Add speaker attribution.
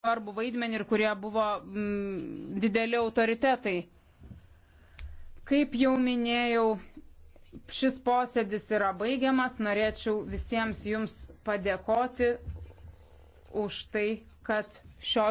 Speaker 1: svarbu vaidmenį ir kurie buvo m, mm, dideli autoritetai. Kaip jau minėjau, šis posėdis yra baigiamas. Norėčiau visiems jums padėkoti už tai, kad
Speaker 2: šio